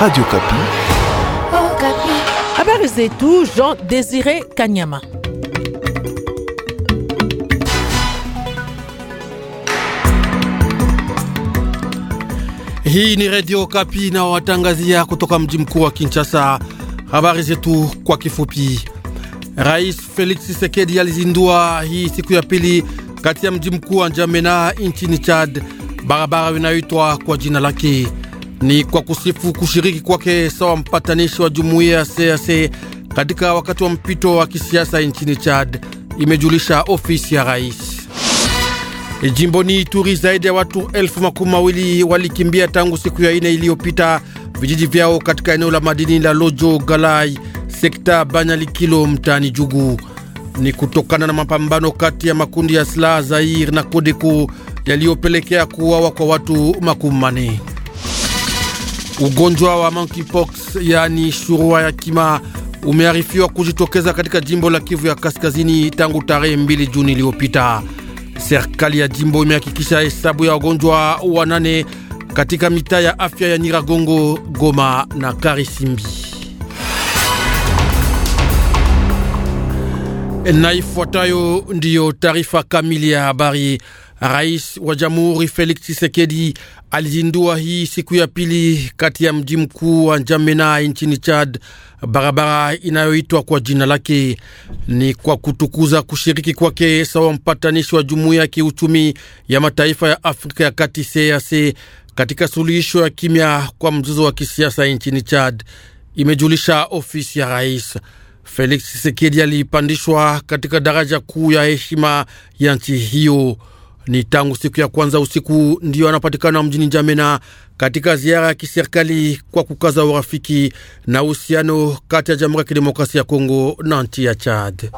Radio Kapi. Oh, Kapi. Habari zetu Jean Désiré Kanyama. Hii ni Radio Kapi na watangazia kutoka mji mkuu wa Kinshasa. Habari zetu kwa kifupi. Rais Felix Tshisekedi alizindua hii siku ya pili kati ya mji mkuu wa Njamena nchini Chad barabara inayoitwa kwa jina lake. Ni kwa kusifu kushiriki kwake sawa mpatanishi wa jumuiya ya CAC katika wakati wa mpito wa kisiasa nchini Chad, imejulisha ofisi ya rais. Jimboni Ituri, zaidi ya watu elfu makumi mawili walikimbia tangu siku ya ine iliyopita vijiji vyao katika eneo la madini la Lojo Galai, sekta Banyalikilo, mtaani Jugu. Ni kutokana na mapambano kati ya makundi ya silaha Zair na Kodeko yaliyopelekea kuuawa kwa watu makumi manne. Ugonjwa wa monkeypox yaani shurua ya kima umearifiwa kujitokeza katika jimbo la Kivu ya Kaskazini tangu tarehe mbili Juni iliyopita. Serikali ya jimbo imehakikisha hesabu ya wagonjwa wanane katika mitaa ya afya ya Nyiragongo, Goma na Karisimbi. Na ifuatayo ndiyo taarifa kamili ya habari. Rais wa Jamhuri Felix Tshisekedi alizindua hii siku ya pili kati ya mji mkuu wa Njamena nchini Chad barabara inayoitwa kwa jina lake. Ni kwa kutukuza kushiriki kwake sawa mpatanishi wa Jumuiya ya Kiuchumi ya Mataifa ya Afrika ya Kati CEEAC katika suluhisho ya kimya kwa mzozo wa kisiasa nchini Chad, imejulisha ofisi ya rais. Felix Tshisekedi alipandishwa katika daraja kuu ya heshima ya nchi hiyo. Ni tangu siku ya kwanza usiku ndiyo anapatikana mjini Njamena katika ziara ya kiserikali kwa kukaza urafiki na uhusiano kati ya Jamhuri ya Kidemokrasia ya Kongo na nchi ya Chad.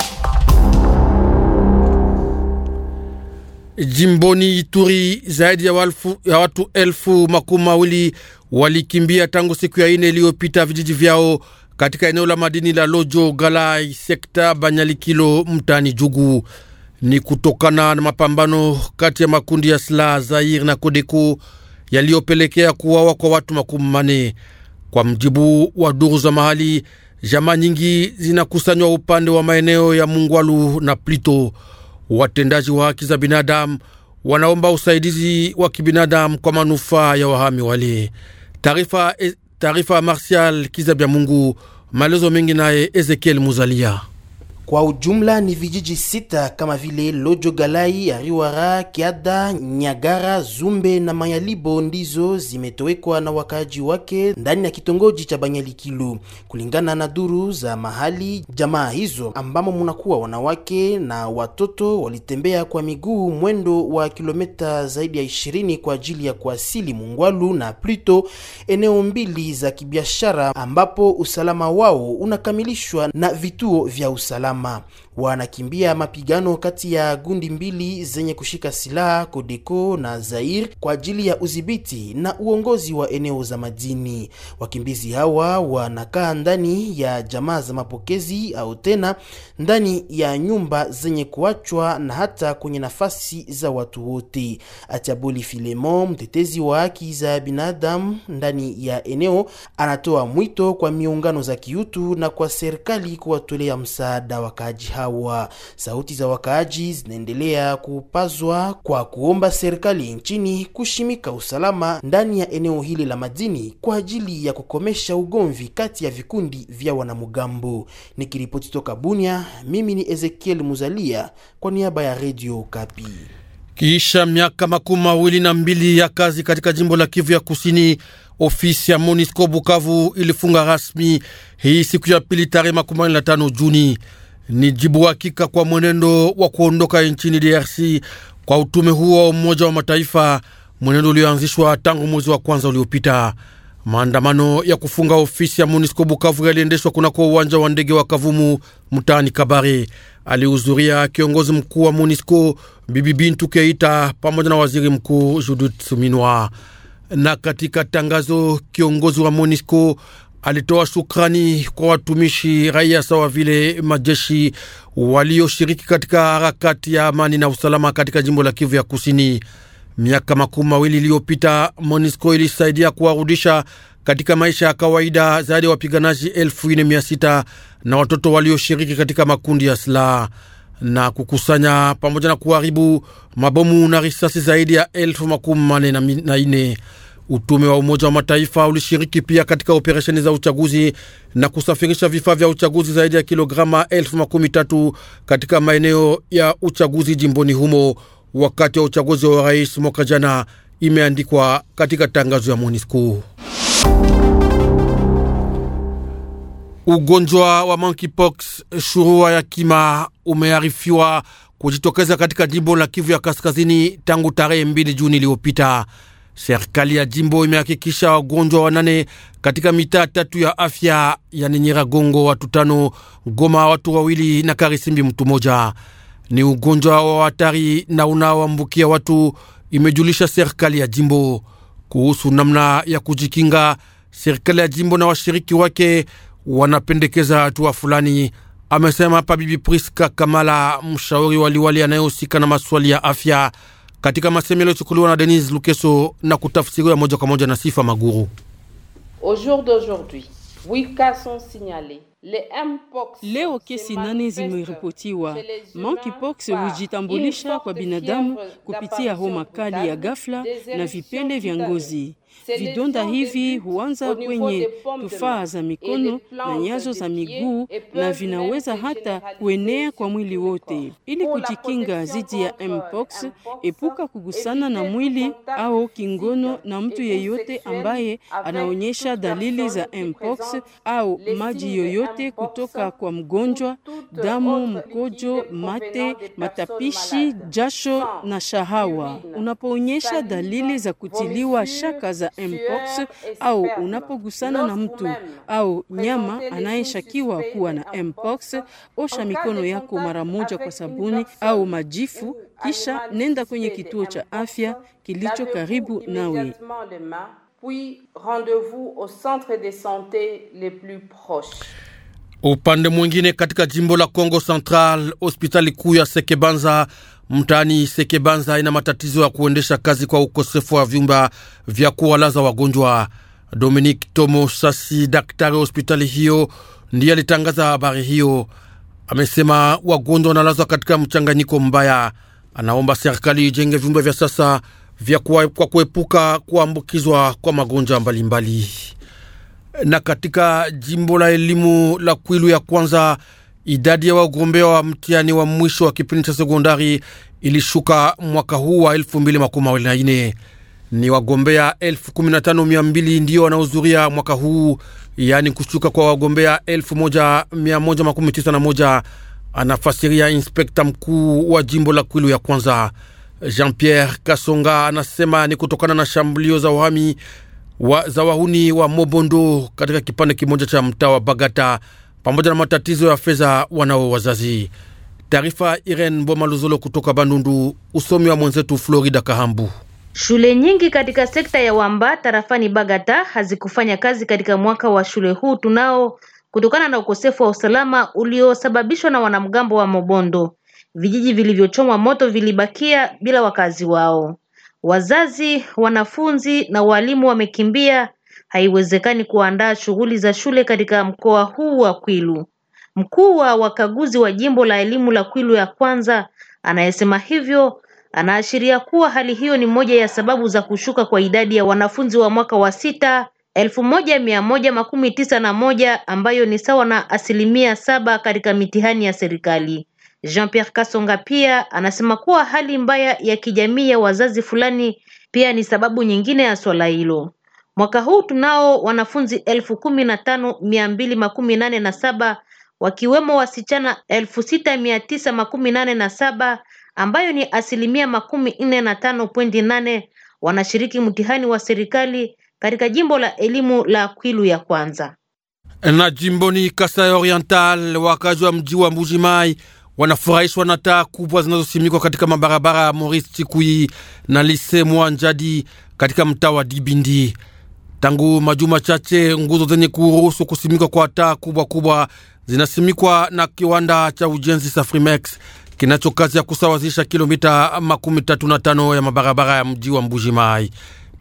Jimboni Ituri, zaidi ya, walfu, ya watu elfu makumi mawili walikimbia tangu siku ya ine iliyopita vijiji vyao katika eneo la madini la Lojo Galai, sekta Banyalikilo, mtani Jugu ni kutokana na mapambano kati ya makundi ya silaha Zair na Kodeko yaliyopelekea kuwawa kwa watu makumi manne kwa mjibu wa duru za mahali. Jamaa nyingi zinakusanywa upande wa maeneo ya Mungwalu na Plito. Watendaji wa haki za binadamu wanaomba usaidizi wa kibinadamu kwa manufaa ya wahami wale. Taarifa eh, Marsial Kizabya Mungu, maelezo mengi naye Ezekiel Muzalia. Kwa ujumla ni vijiji sita kama vile Lojo, Galai, Ariwara, Kiada, Nyagara, Zumbe na Mayalibo ndizo zimetowekwa na wakaaji wake ndani ya kitongoji cha Banyalikilu. Kulingana na duru za mahali, jamaa hizo ambamo munakuwa wanawake na watoto walitembea kwa miguu mwendo wa kilometa zaidi ya ishirini kwa ajili ya kuasili Mungwalu na Plito, eneo mbili za kibiashara ambapo usalama wao unakamilishwa na vituo vya usalama. inama wanakimbia mapigano kati ya gundi mbili zenye kushika silaha Kodeko na Zair kwa ajili ya udhibiti na uongozi wa eneo za madini. Wakimbizi hawa wanakaa ndani ya jamaa za mapokezi au tena ndani ya nyumba zenye kuachwa na hata kwenye nafasi za watu wote. Atiaboli Filemon, mtetezi wa haki za binadamu ndani ya eneo, anatoa mwito kwa miungano za kiutu na kwa serikali kuwatolea msaada wakaaji hawa hawa. Sauti za wakaaji zinaendelea kupazwa kwa kuomba serikali nchini kushimika usalama ndani ya eneo hili la madini kwa ajili ya kukomesha ugomvi kati ya vikundi vya wanamgambo. Nikiripoti toka Bunia, mimi ni Ezekiel Muzalia kwa niaba ya Redio Kapi. Kisha miaka makumi mawili na mbili ya kazi katika jimbo la Kivu ya Kusini, ofisi ya monisco Bukavu ilifunga rasmi hii siku ya pili tarehe makumi mawili na tano Juni ni jibu hakika kwa mwenendo wa kuondoka nchini DRC kwa utume huo wa Umoja wa Mataifa, mwenendo ulioanzishwa tangu mwezi wa kwanza uliopita. Maandamano ya kufunga ofisi ya MONUSCO Bukavu yaliendeshwa kunako uwanja wa ndege wa Kavumu mtaani Kabare. Alihudhuria kiongozi mkuu wa MONUSCO Bibi Bintu Keita pamoja na waziri mkuu Judith Suminwa. Na katika tangazo, kiongozi wa MONUSCO alitoa shukrani kwa watumishi raia sawa vile majeshi walioshiriki katika harakati ya amani na usalama katika jimbo la Kivu ya Kusini. Miaka makumi mawili iliyopita, MONUSCO ilisaidia kuwarudisha katika maisha ya kawaida zaidi ya wapiganaji elfu mia sita na watoto walioshiriki katika makundi ya silaha na kukusanya pamoja na kuharibu mabomu na risasi zaidi ya elfu makumi manne na nne. Utume wa Umoja wa Mataifa ulishiriki pia katika operesheni za uchaguzi na kusafirisha vifaa vya uchaguzi zaidi ya kilograma elfu makumi tatu katika maeneo ya uchaguzi jimboni humo wakati wa uchaguzi wa rais mwaka jana, imeandikwa katika tangazo ya MONUSCO. Ugonjwa wa monkeypox, shurua ya kima, umearifiwa kujitokeza katika jimbo la Kivu ya Kaskazini tangu tarehe mbili Juni iliyopita. Serikali ya jimbo imehakikisha wagonjwa wanane katika mitaa tatu ya afya, yani Nyiragongo watu tano, Goma watu wawili na Karisimbi mtu moja. Ni ugonjwa wa hatari na unaoambukia watu, imejulisha serikali ya jimbo. Kuhusu namna ya kujikinga, serikali ya jimbo na washiriki wake wanapendekeza hatua fulani, amesema hapa Bibi Priska Kamala, mshauri waliwali anayehusika na maswali ya afya katika masemi yaliyochukuliwa na Denis Lukeso na kutafsiriwa moja kwa moja na Sifa Maguru. Leo kesi nane zimeripotiwa. Monkeypox hujitambulisha kwa binadamu kupitia homa kali ya ghafla na vipele vya ngozi. Vidonda hivi huanza kwenye tufaa za mikono na nyazo za miguu na vinaweza hata kuenea kwa mwili wote. Ili kujikinga dhidi ya mpox, epuka kugusana na mwili au kingono na mtu yeyote ambaye anaonyesha dalili za mpox au maji yoyote kutoka kwa mgonjwa, damu, mkojo, mate, matapishi, jasho na shahawa. Unapoonyesha dalili za kutiliwa shaka za mpox au unapogusana na mtu au nyama anayeshakiwa kuwa na mpox, osha mikono yako mara moja kwa sabuni au majifu, kisha nenda kwenye kituo cha afya kilicho karibu nawe. Upande mwingine, katika jimbo la congo Central, hospitali kuu ya Sekebanza Mtaani Sekebanza ina matatizo ya kuendesha kazi kwa ukosefu wa vyumba vya kuwalaza wagonjwa. Dominique Tomo Sasi, daktari wa hospitali hiyo, ndiye alitangaza habari hiyo. Amesema wagonjwa wanalazwa katika mchanganyiko mbaya. Anaomba serikali ijenge vyumba vya sasa vya kwa kuepuka kuambukizwa kwa magonjwa mbalimbali. Na katika jimbo la elimu la Kwilu ya kwanza Idadi ya wagombea wa mtihani wa mwisho wa kipindi cha sekondari ilishuka mwaka huu wa 2024 ni wagombea 15200 ndiyo wanaohudhuria mwaka huu, yaani kushuka kwa wagombea 1191, anafasiria inspekta mkuu wa jimbo la Kwilu ya kwanza Jean Pierre Kasonga. Anasema ni kutokana na shambulio za uhami wa, za wahuni wa Mobondo katika kipande kimoja cha mtaa wa Bagata pamoja na matatizo ya fedha wanao wazazi. Taarifa Irene Bomaluzolo kutoka Bandundu, usomi wa mwenzetu Florida Kahambu. Shule nyingi katika sekta ya Wamba tarafani Bagata hazikufanya kazi katika mwaka wa shule huu tunao kutokana na ukosefu wa usalama uliosababishwa na wanamgambo wa Mobondo. Vijiji vilivyochomwa moto vilibakia bila wakazi wao. Wazazi, wanafunzi na walimu wamekimbia haiwezekani kuandaa shughuli za shule katika mkoa huu wa Kwilu. Mkuu wa wakaguzi wa jimbo la elimu la Kwilu ya kwanza anayesema hivyo anaashiria kuwa hali hiyo ni moja ya sababu za kushuka kwa idadi ya wanafunzi wa mwaka wa sita elfu moja mia moja makumi tisa na moja ambayo ni sawa na asilimia saba katika mitihani ya serikali. Jean-Pierre Kasonga pia anasema kuwa hali mbaya ya kijamii ya wazazi fulani pia ni sababu nyingine ya swala hilo. Mwaka huu tunao wanafunzi elfu kumi na tano mia mbili makumi nane na saba wakiwemo wasichana elfu sita mia tisa makumi nane na saba ambayo ni asilimia makumi nne na tano pointi nane wanashiriki mtihani wa serikali katika jimbo la elimu la Kwilu ya kwanza. Na jimboni Kasai Oriental, wakazi wa mji wa mai wanafurahishwa na taa kubwa zinazosimikwa katika mabarabara ya Maurice Chikui na Lise Mwanjadi katika mtaa wa Dibindi. Tangu majuma chache nguzo zenye kuruhusu kusimikwa kwa taa kubwa kubwa zinasimikwa na kiwanda cha ujenzi Safrimex kinacho kazi ya kusawazisha kilomita makumi tatu na tano ya mabarabara ya mji wa Mbuji Mai.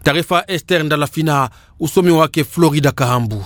Taarifa ester Ndalafina, usomi wake Florida Kahambu.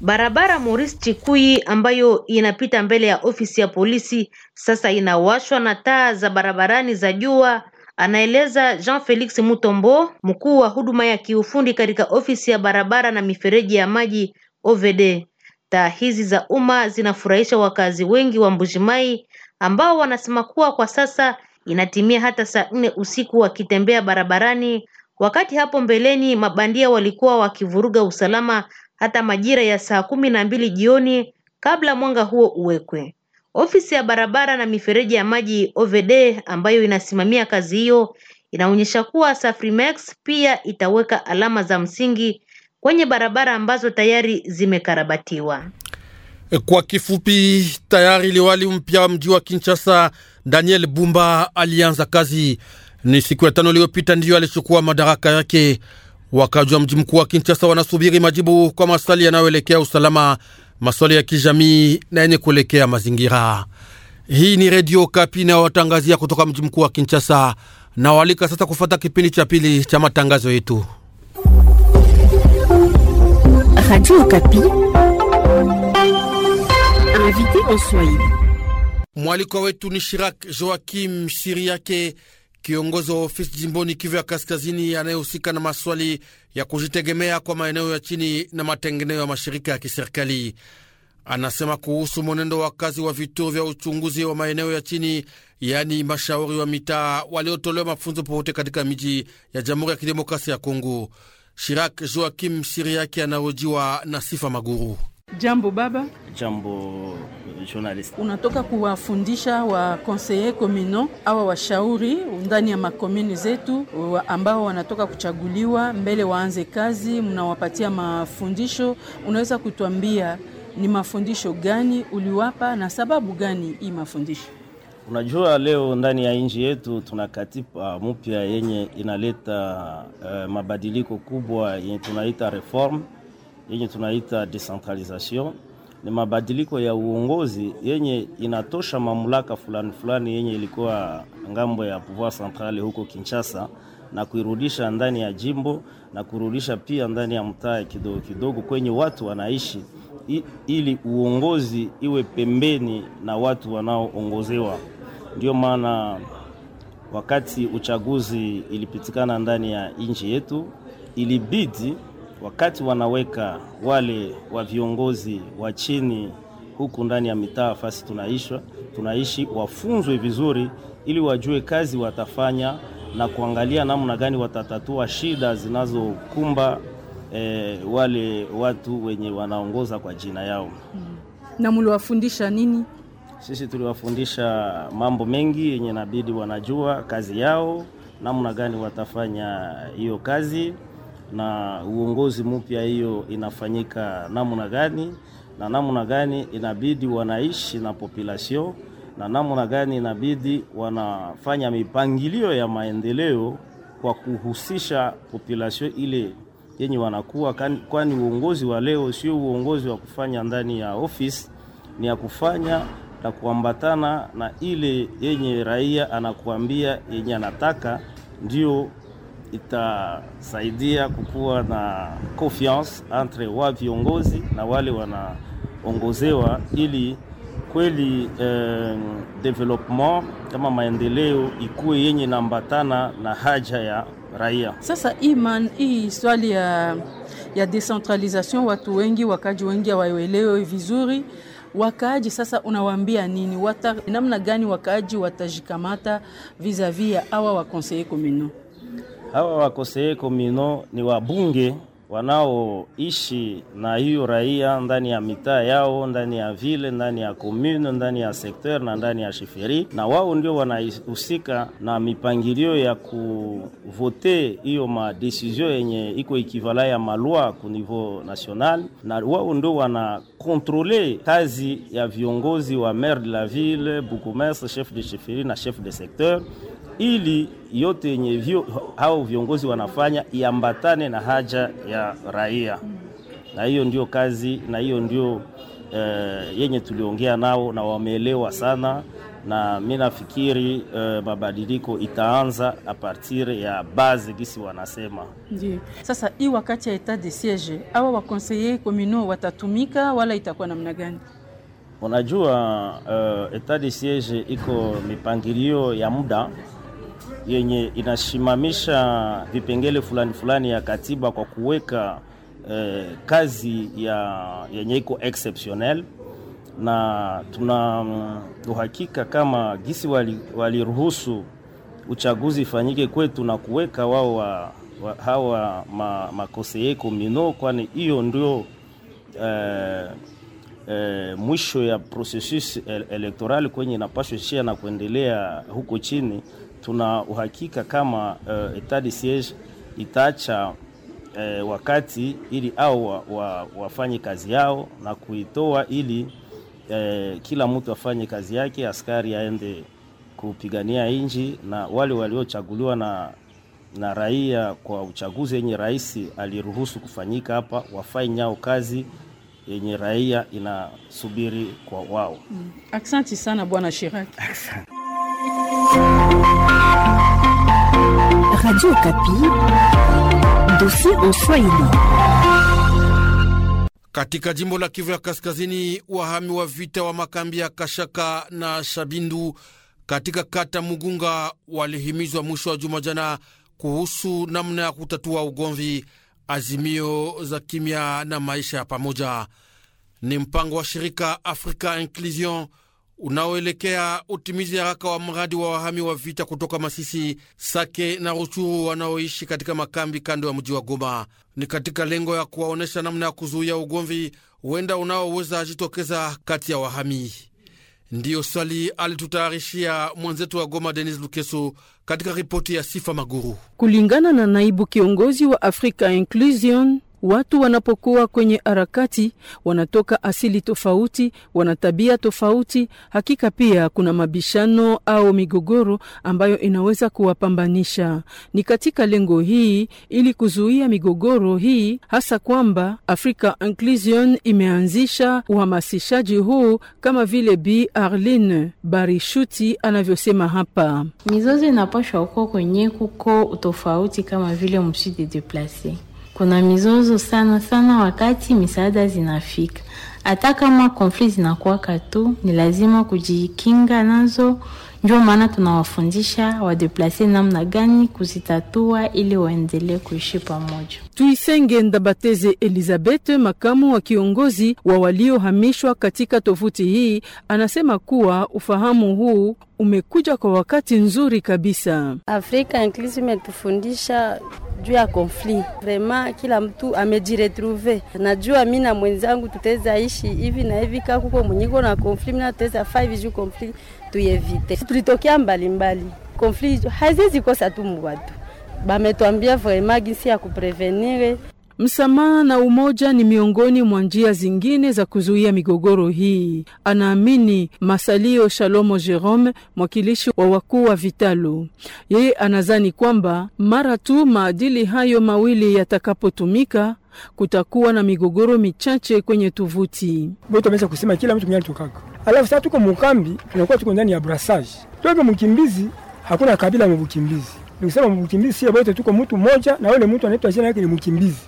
Barabara Maurice Chikui ambayo inapita mbele ya ofisi ya polisi sasa inawashwa na taa za barabarani za jua Anaeleza Jean Felix Mutombo, mkuu wa huduma ya kiufundi katika ofisi ya barabara na mifereji ya maji OVD. Taa hizi za umma zinafurahisha wakazi wengi wa mbujimai ambao wanasema kuwa kwa sasa inatimia hata saa nne usiku wakitembea barabarani, wakati hapo mbeleni mabandia walikuwa wakivuruga usalama hata majira ya saa kumi na mbili jioni kabla mwanga huo uwekwe. Ofisi ya barabara na mifereji ya maji OVD ambayo inasimamia kazi hiyo inaonyesha kuwa Safrimex pia itaweka alama za msingi kwenye barabara ambazo tayari zimekarabatiwa. Kwa kifupi, tayari liwali mpya mji wa Kinshasa Daniel Bumba alianza kazi. Ni siku ya tano iliyopita ndiyo alichukua madaraka yake. Wakaji wa mji mkuu wa Kinshasa wanasubiri majibu kwa maswali yanayoelekea usalama maswali ya kijamii na yenye kuelekea mazingira. Hii ni Redio Kapi inayowatangazia kutoka mji mkuu wa Kinshasa na walika sasa kufata kipindi cha pili cha matangazo yetu Mwalikwa wetu ni Shirak Joakim Siriake Kiongozi wa ofisi jimboni Kivu ya Kaskazini anayehusika na maswali ya kujitegemea kwa maeneo ya chini na matengeneo ya mashirika ya kiserikali anasema kuhusu mwenendo wa kazi wa vituo vya uchunguzi wa maeneo ya chini, yaani mashauri wa mitaa waliotolewa mafunzo popote katika miji ya Jamhuri ya Kidemokrasia ya Kongo. Shirak Joakim Siriaki anahojiwa na Sifa Maguru. Jambo baba. Jambo journalist. Unatoka kuwafundisha wa conseiller communaux awa washauri ndani ya makomini zetu ambao wanatoka kuchaguliwa mbele waanze kazi, mnawapatia mafundisho. Unaweza kutuambia ni mafundisho gani uliwapa na sababu gani hii mafundisho? Unajua, leo ndani ya nchi yetu tuna katiba mpya yenye inaleta uh, mabadiliko kubwa yenye tunaita reform yenye tunaita decentralization ni mabadiliko ya uongozi yenye inatosha mamlaka fulani fulani yenye ilikuwa ngambo ya pouvoir centrale huko Kinshasa na kuirudisha ndani ya jimbo na kurudisha pia ndani ya mtaa kidogo kidogo kwenye watu wanaishi, ili uongozi iwe pembeni na watu wanaoongozewa. Ndio maana wakati uchaguzi ilipitikana ndani ya nchi yetu ilibidi wakati wanaweka wale wa viongozi wa chini huku ndani ya mitaa fasi tunaishwa tunaishi, wafunzwe vizuri, ili wajue kazi watafanya na kuangalia namna gani watatatua shida zinazokumba e, wale watu wenye wanaongoza kwa jina yao. Na mliwafundisha nini? Sisi tuliwafundisha mambo mengi yenye inabidi wanajua kazi yao, namna gani watafanya hiyo kazi na uongozi mpya, hiyo inafanyika namna gani na namna gani inabidi wanaishi na population na namna gani inabidi wanafanya mipangilio ya maendeleo kwa kuhusisha population ile yenye wanakuwa, kwani uongozi wa leo sio uongozi wa kufanya ndani ya office, ni ya kufanya na kuambatana na ile yenye raia anakuambia yenye anataka ndio itasaidia kukuwa na confiance entre wa viongozi na wale wanaongozewa, ili kweli eh, development kama maendeleo ikuwe yenye nambatana na haja ya raia. Sasa iman hii swali ya, ya decentralization, watu wengi wakaji wengi hawaelewe vizuri wakaaji sasa, unawaambia nini? Wata namna gani wakaaji watajikamata vis-a-vis ya awa wa conseil communal? hawa wakosee komino ni wabunge wanaoishi na hiyo raia ndani ya mitaa yao, ndani ya vile, ndani ya komune, ndani ya sekter na ndani ya shiferi, na wao ndio wanahusika na mipangilio ya kuvote hiyo madesizio yenye iko ikivala ya malwa ku niveau national, na wao ndio wanakontrole kazi ya viongozi wa maire de la ville, bukumestre, chef de shiferi na chef de sekter ili yote yenye vio, hao viongozi wanafanya iambatane na haja ya raia, na hiyo ndio kazi na hiyo ndio e, yenye tuliongea nao na wameelewa sana, na mi nafikiri e, mabadiliko itaanza a partir ya base gisi wanasema ndiyo. Sasa hii wakati ya etat de siege awa conseiller communaux watatumika wala itakuwa namna gani? Unajua uh, etat de siege iko mipangilio ya muda yenye inasimamisha vipengele fulani fulani ya katiba kwa kuweka eh, kazi ya yenye iko exceptionnel na tuna mm, uhakika kama gisi waliruhusu wali uchaguzi ifanyike kwetu na kuweka wao wa, wa, hawa ma, makoseye komino, kwani hiyo ndio eh, eh, mwisho ya processus eh, elektorali kwenye inapashwa shia na kuendelea huko chini tuna uhakika kama uh, eh, etat de siege itaacha eh, wakati ili au wa, wa, wafanye kazi yao na kuitoa ili eh, kila mtu afanye kazi yake, askari aende kupigania nchi na wale waliochaguliwa na, na raia kwa uchaguzi yenye rais aliruhusu kufanyika hapa wafanyao kazi yenye raia inasubiri kwa wao. Mm. Asante sana Bwana Shiraki. Asante. Radio Kapi, dossier en Swahili. Katika jimbo la Kivu ya Kaskazini, wahami wa vita wa makambi ya Kashaka na Shabindu katika kata Mugunga walihimizwa mwisho wa juma jana kuhusu namna ya kutatua ugomvi, azimio za kimya na maisha ya pamoja. Ni mpango wa shirika Africa Inclusion unaoelekea utimizi haraka wa mradi wa wahami wa vita kutoka Masisi, Sake na Ruchuru wanaoishi katika makambi kando ya mji wa Goma. Ni katika lengo ya kuwaonyesha namna ya kuzuia ugomvi huenda unaoweza jitokeza kati ya wahami. Ndiyo swali alitutayarishia mwenzetu wa Goma, Denis Lukeso, katika ripoti ya Sifa Maguru. Kulingana na naibu kiongozi wa Africa Inclusion Watu wanapokuwa kwenye harakati wanatoka asili tofauti, wana tabia tofauti. Hakika pia kuna mabishano au migogoro ambayo inaweza kuwapambanisha. Ni katika lengo hii, ili kuzuia migogoro hii, hasa kwamba Africa Inclusion imeanzisha uhamasishaji huu, kama vile Bi Arline Barishuti anavyosema hapa. Mizozo inapashwa huko kwenye kuko utofauti, kama vile mshidi deplase kuna mizozo sana sana wakati misaada zinafika, hata kama konfli zinakuwaka tu, ni lazima kujikinga nazo. Ndio maana tunawafundisha wadeplase namna gani kuzitatua ili waendelee kuishi pamoja. Tuisenge Ndabateze Elizabeth, makamu wa kiongozi wa waliohamishwa katika tovuti hii, anasema kuwa ufahamu huu umekuja kwa wakati nzuri kabisa. Afrika Inclusive imetufundisha juu ya konfli vrema, kila mtu amejiretruve Najua mi na mwenzangu tutaweza ishi hivi na hivi, ka kuko mwenyiko na konfli, mina tutaweza faivi juu konfli tuyevite. Tulitokea mbalimbali, konfli haziwezi kosa tu mwatu, bametwambia vrema gisi ya kuprevenire Msamaha na umoja ni miongoni mwa njia zingine za kuzuia migogoro hii, anaamini Masalio Shalomo Jerome, mwakilishi wa wakuu wa vitalu. Yeye anazani kwamba mara tu maadili hayo mawili yatakapotumika kutakuwa na migogoro michache kwenye tuvuti. boto wameweza kusema kila mtu mwenyewe tukaka Alafu sasa tuko mukambi, tunakuwa tuko ndani ya brassage. tuwepe mkimbizi, hakuna kabila mubukimbizi. Nikusema mubukimbizi, sio bote, tuko mutu mmoja na ule mutu anaitwa jina yake ni mkimbizi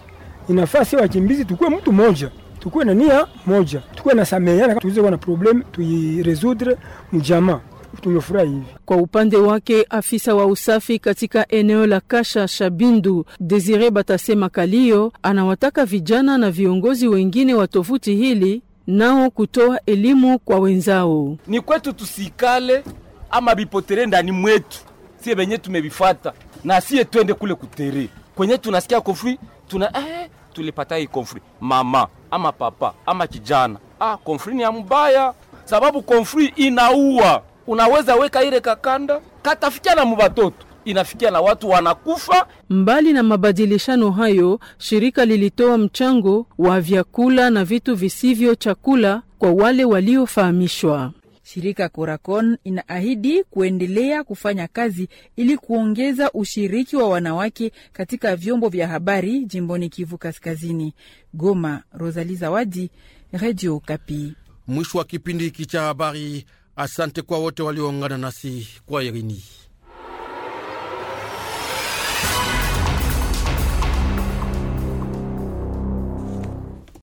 inafasi wakimbizi tukuwe mtu moja, tukuwe na nia moja, tukuwe na sameheana, tuweze kuwa na problem tuiresoudre mjamaa. Tumefurahi hivi. Kwa upande wake afisa wa usafi katika eneo la Kasha Shabindu Desire Batasema Kalio anawataka vijana na viongozi wengine wa tovuti hili nao kutoa elimu kwa wenzao. Ni kwetu tusikale ama bipotere ndani mwetu, sie benye tumebifata na sie twende kule kutere kwenye tunasikia kofri tuna eh, tulipata hii konfli mama ama papa ama kijana. Ah, konfli ni ya mbaya, sababu konfli inaua. Unaweza weka ile kakanda katafikia na mubatoto inafikia na watu wanakufa. Mbali na mabadilishano hayo, shirika lilitoa mchango wa vyakula na vitu visivyo chakula kwa wale waliofahamishwa. Shirika Coracon inaahidi kuendelea kufanya kazi ili kuongeza ushiriki wa wanawake katika vyombo vya habari jimboni Kivu Kaskazini. Goma, rosali Zawadi, Radio Kapi. Mwisho wa kipindi hiki cha habari. Asante kwa wote walioungana nasi kwa Irini.